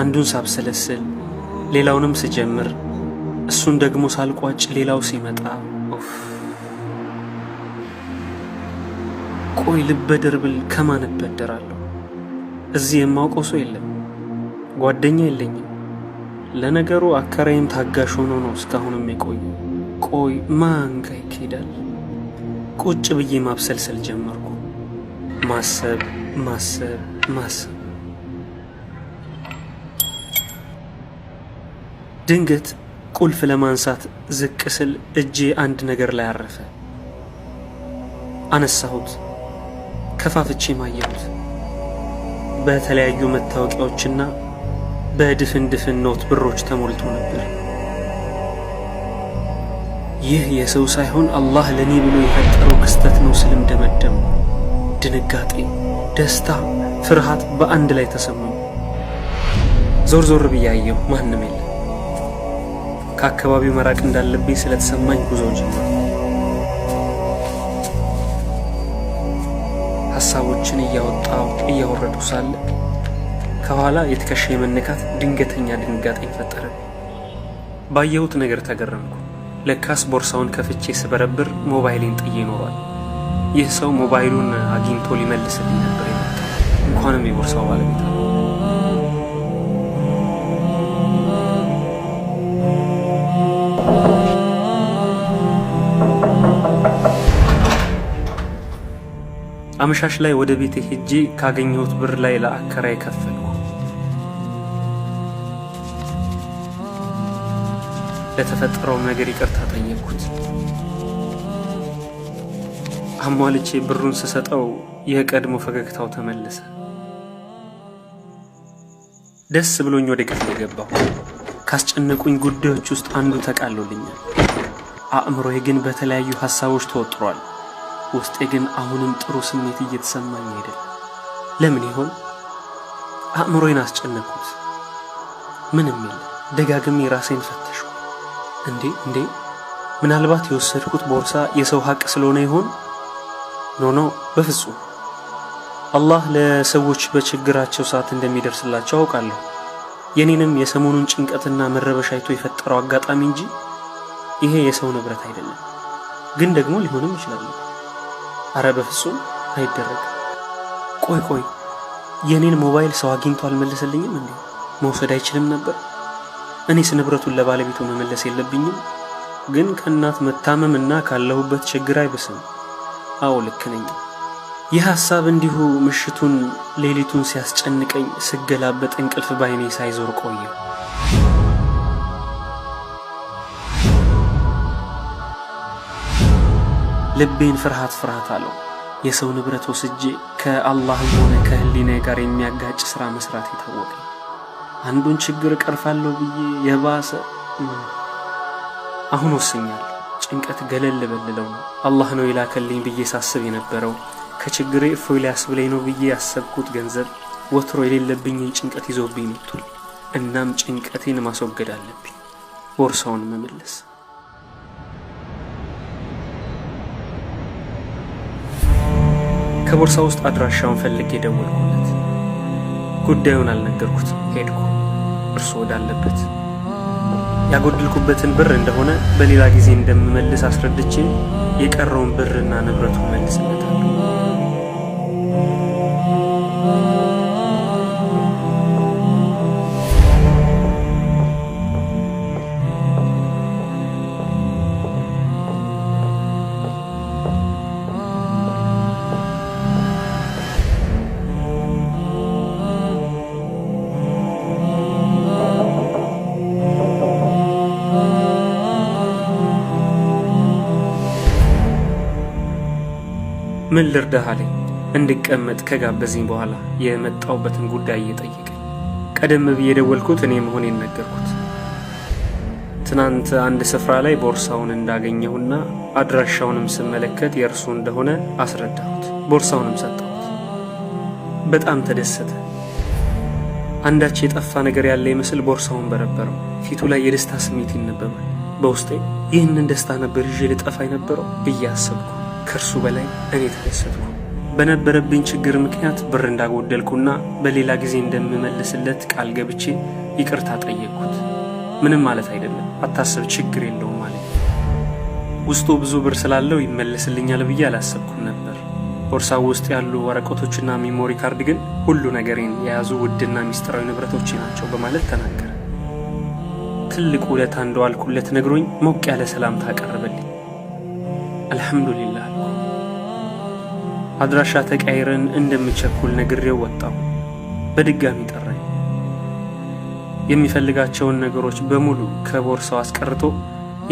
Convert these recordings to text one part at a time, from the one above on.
አንዱን ሳብሰለስል ሌላውንም ስጀምር እሱን ደግሞ ሳልቋጭ ሌላው ሲመጣ ቆይ ልበደር ብል ከማን እበደራለሁ? እዚህ የማውቀው ሰው የለም፣ ጓደኛ የለኝም። ለነገሩ አከራይም ታጋሽ ሆኖ ነው እስካሁንም የቆዩ። ቆይ ማን ጋ ይካሄዳል? ቁጭ ብዬ ማብሰልሰል ጀመርኩ። ማሰብ ማሰብ ማሰብ ድንገት ቁልፍ ለማንሳት ዝቅ ስል እጄ አንድ ነገር ላይ አረፈ። አነሳሁት፣ ከፋፍቼ ማየሁት። በተለያዩ መታወቂያዎችና በድፍን ድፍን ኖት ብሮች ተሞልቶ ነበር። ይህ የሰው ሳይሆን አላህ ለእኔ ብሎ የፈጠረው ክስተት ነው ስልም ደመደሙ። ድንጋጤ፣ ደስታ፣ ፍርሃት በአንድ ላይ ተሰማው። ዞር ዞር ብዬ ማንም የለም። ከአካባቢው መራቅ እንዳለብኝ ስለተሰማኝ ጉዞ ጀመር። ሀሳቦችን እያወጣው እያወረዱ ሳለ ከኋላ የትከሻ የመነካት ድንገተኛ ድንጋጤ ፈጠረ። ባየሁት ነገር ተገረምኩ። ለካስ ቦርሳውን ከፍቼ ስበረብር ሞባይሌን ጥዬ ይኖሯል። ይህ ሰው ሞባይሉን አግኝቶ ሊመልስልኝ ነበር የመጣ እንኳንም የቦርሳው ባለቤት አመሻሽ ላይ ወደ ቤቴ ሄጄ ካገኘሁት ብር ላይ ለአከራይ ከፈልኩ። ለተፈጠረው ነገር ይቅርታ ጠየቅኩት። አሟልቼ ብሩን ስሰጠው የቀድሞ ፈገግታው ተመለሰ። ደስ ብሎኝ ወደ ክፍል ገባሁ። ካስጨነቁኝ ጉዳዮች ውስጥ አንዱ ተቃሎልኛል። አእምሮዬ ግን በተለያዩ ሀሳቦች ተወጥሯል። ውስጤ ግን አሁንም ጥሩ ስሜት እየተሰማኝ አይደል። ለምን ይሆን? አእምሮዬን አስጨነቅኩት። ምንም የለም። ደጋግሜ ራሴን ፈተሽ እንዴ እንዴ፣ ምናልባት የወሰድኩት ቦርሳ የሰው ሀቅ ስለሆነ ይሆን? ኖ ኖ፣ በፍጹም አላህ ለሰዎች በችግራቸው ሰዓት እንደሚደርስላቸው አውቃለሁ። የኔንም የሰሞኑን ጭንቀትና መረበሽ አይቶ የፈጠረው አጋጣሚ እንጂ ይሄ የሰው ንብረት አይደለም። ግን ደግሞ ሊሆንም ይችላል። አረ በፍጹም አይደረግም። ቆይ ቆይ የእኔን ሞባይል ሰው አግኝቶ አልመለሰልኝም እንዴ? መውሰድ አይችልም ነበር? እኔስ ንብረቱን ለባለቤቱ መመለስ የለብኝም? ግን ከእናት መታመም እና ካለሁበት ችግር አይብስም። አዎ ልክ ነኝ። ይህ ሐሳብ እንዲሁ ምሽቱን ሌሊቱን ሲያስጨንቀኝ ስገላበጥ እንቅልፍ ባይኔ ሳይዞር ቆየ። ልቤን ፍርሃት ፍርሃት አለው። የሰው ንብረት ወስጄ ከአላህም ሆነ ከህሊና ጋር የሚያጋጭ ሥራ መሥራት የታወቀ አንዱን ችግር ቀርፋለሁ ብዬ የባሰ አሁን ወስኛል። ጭንቀት ገለል በልለው ነው አላህ ነው የላከልኝ ብዬ ሳስብ የነበረው ከችግሬ እፎይ ሊያስብለኝ ነው ብዬ ያሰብኩት ገንዘብ ወትሮ የሌለብኝን ጭንቀት ይዞብኝ መጥቷል። እናም ጭንቀቴን ማስወገድ አለብኝ፣ ቦርሳውን መመለስ ከቦርሳ ውስጥ አድራሻውን ፈልጌ ደወልኩለት። ጉዳዩን አልነገርኩት። ሄድኩ እርሱ ወዳለበት። ያጎድልኩበትን ብር እንደሆነ በሌላ ጊዜ እንደምመልስ አስረድቼ የቀረውን ብርና ንብረቱን መልስለታለሁ። ምን ልርዳህ አለኝ እንድቀመጥ ከጋበዘኝ በኋላ የመጣውበትን ጉዳይ እየጠየቀኝ ቀደም ብዬ የደወልኩት እኔ መሆኔን ነገርኩት። ትናንት አንድ ስፍራ ላይ ቦርሳውን እንዳገኘሁና አድራሻውንም ስመለከት የእርሱ እንደሆነ አስረዳሁት። ቦርሳውንም ሰጠሁት። በጣም ተደሰተ። አንዳች የጠፋ ነገር ያለ ይመስል ቦርሳውን በረበረው። ፊቱ ላይ የደስታ ስሜት ይነበባል። በውስጤ ይህንን ደስታ ነበር ይዤ ልጠፋ የነበረው ብዬ አሰብኩ። ከእርሱ በላይ እኔ ተደሰትኩ። በነበረብኝ ችግር ምክንያት ብር እንዳጎደልኩና በሌላ ጊዜ እንደምመልስለት ቃል ገብቼ ይቅርታ ጠየቅኩት። ምንም ማለት አይደለም፣ አታስብ፣ ችግር የለውም ማለት። ውስጡ ብዙ ብር ስላለው ይመልስልኛል ብዬ አላሰብኩም ነበር። ቦርሳው ውስጥ ያሉ ወረቀቶችና ሚሞሪ ካርድ ግን ሁሉ ነገሬን የያዙ ውድና ሚስጥራዊ ንብረቶቼ ናቸው በማለት ተናገረ። ትልቅ ውለታ እንደዋልኩለት ነግሮኝ ሞቅ ያለ ሰላምታ አቀረበልኝ። አልሐምዱሊላህ አልኩ። አድራሻ ተቀይረን እንደምቸኩል ነግሬው ወጣው በድጋሚ ጠራኝ። የሚፈልጋቸውን ነገሮች በሙሉ ከቦርሳው አስቀርቶ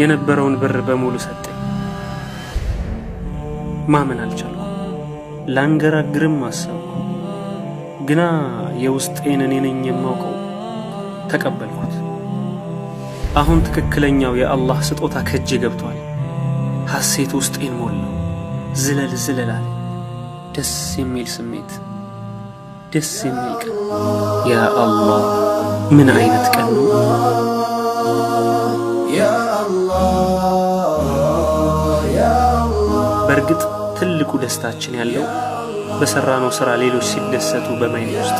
የነበረውን ብር በሙሉ ሰጠኝ። ማመን አልቻልኩ። ላንገራግርም አሰብኩ። ግና የውስጤን እኔ ነኝ የማውቀው። ተቀበልኩት። አሁን ትክክለኛው የአላህ ስጦታ ከእጄ ገብቷል። ሐሴት ውስጤን ሞላው። ዝለል ዝለላል ደስ የሚል ስሜት፣ ደስ የሚል ቀን። ያ አላህ ምን አይነት ቀን ነው! በእርግጥ ትልቁ ደስታችን ያለው በሰራነው ሥራ ሌሎች ሲደሰቱ በማየት ውስጥ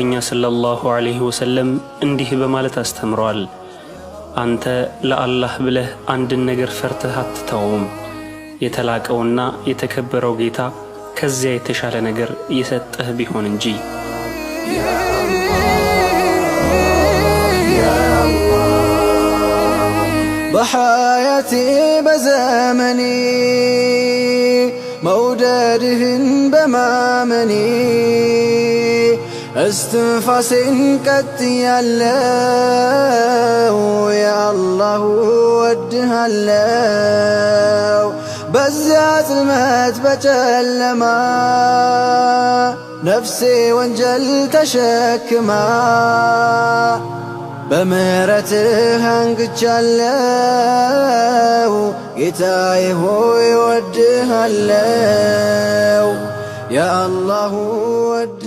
መልእክተኛ ሰለላሁ ዐለይሂ ወሰለም እንዲህ በማለት አስተምረዋል። አንተ ለአላህ ብለህ አንድን ነገር ፈርተህ አትተውም። የተላቀውና የተከበረው ጌታ ከዚያ የተሻለ ነገር የሰጠህ ቢሆን እንጂ። በሐያቴ በዘመኔ መውደድህን በማመኔ استنفس انكت يالله يا الله ودها الله بزات المات بتلما نفسي وانجل تشكما بمهرته انك جلاه قتاي هو يوجه يا الله ود